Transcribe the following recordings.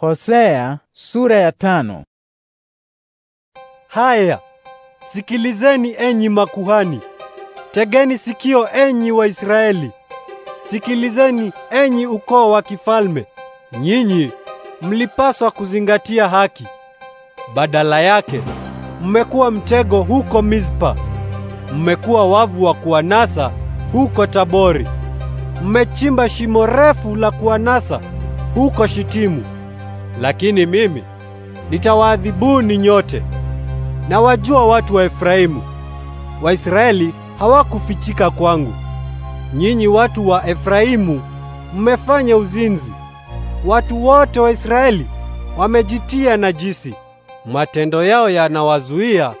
Hosea sura ya tano. Haya, sikilizeni enyi makuhani, tegeni sikio enyi Waisraeli, sikilizeni enyi ukoo wa kifalme. Nyinyi mlipaswa kuzingatia haki, badala yake mmekuwa mtego huko Mispa, mmekuwa wavu wa kuwanasa huko Tabori, mmechimba shimo refu la kuwanasa huko Shitimu lakini mimi nitawaadhibuni nyote. Na wajua watu wa Efraimu, Waisraeli hawakufichika kwangu. Nyinyi watu wa Efraimu mmefanya uzinzi, watu wote wa Israeli wamejitia najisi. Matendo yao yanawazuia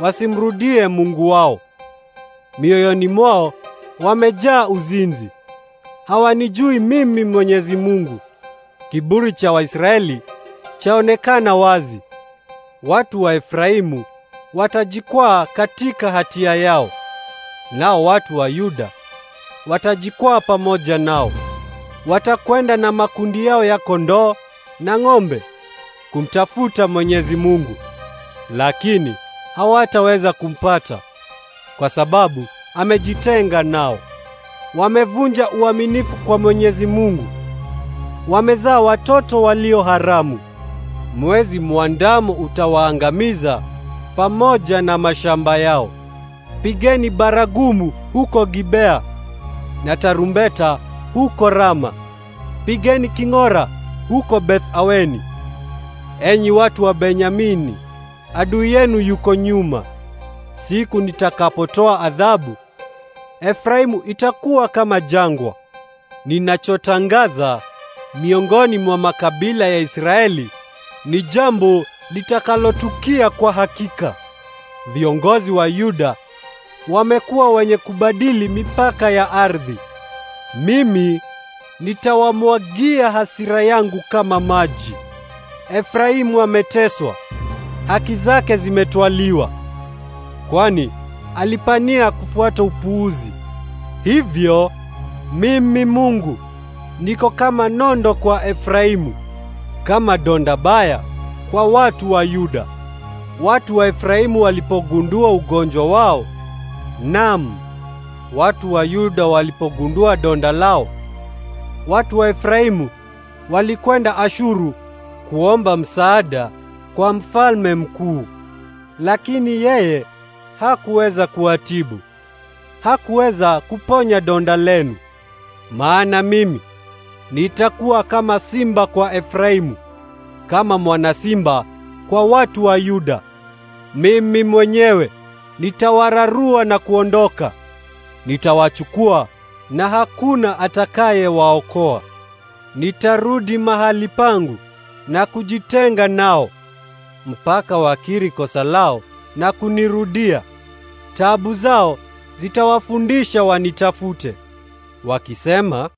wasimrudie Mungu wao. Mioyoni mwao wamejaa uzinzi, hawanijui mimi Mwenyezi Mungu. Kiburi cha Waisraeli chaonekana wazi. Watu wa Efraimu watajikwaa katika hatia yao, nao watu wa Yuda watajikwaa pamoja nao. Watakwenda na makundi yao ya kondoo na ng'ombe kumtafuta Mwenyezi Mungu, lakini hawataweza kumpata kwa sababu amejitenga nao. Wamevunja uaminifu kwa Mwenyezi Mungu wamezaa watoto walio haramu. Mwezi mwandamu utawaangamiza pamoja na mashamba yao. Pigeni baragumu huko Gibea na tarumbeta huko Rama. Pigeni king'ora huko Beth Aweni. Enyi watu wa Benyamini, adui yenu yuko nyuma. Siku nitakapotoa adhabu, Efraimu itakuwa kama jangwa. Ninachotangaza miongoni mwa makabila ya Israeli ni jambo litakalotukia kwa hakika. Viongozi wa Yuda wamekuwa wenye kubadili mipaka ya ardhi. Mimi nitawamwagia hasira yangu kama maji. Efraimu ameteswa, haki zake zimetwaliwa, kwani alipania kufuata upuuzi. Hivyo mimi Mungu niko kama nondo kwa Efraimu, kama donda baya kwa watu wa Yuda. Watu wa Efraimu walipogundua ugonjwa wao, nam watu wa Yuda walipogundua donda lao, watu wa Efraimu walikwenda Ashuru kuomba msaada kwa mfalme mkuu, lakini yeye hakuweza kuwatibu, hakuweza kuponya donda lenu, maana mimi Nitakuwa kama simba kwa Efraimu, kama mwana simba kwa watu wa Yuda. Mimi mwenyewe nitawararua na kuondoka, nitawachukua na hakuna atakayewaokoa. Nitarudi mahali pangu na kujitenga nao mpaka wakiri kosa lao na kunirudia. Taabu zao zitawafundisha wanitafute wakisema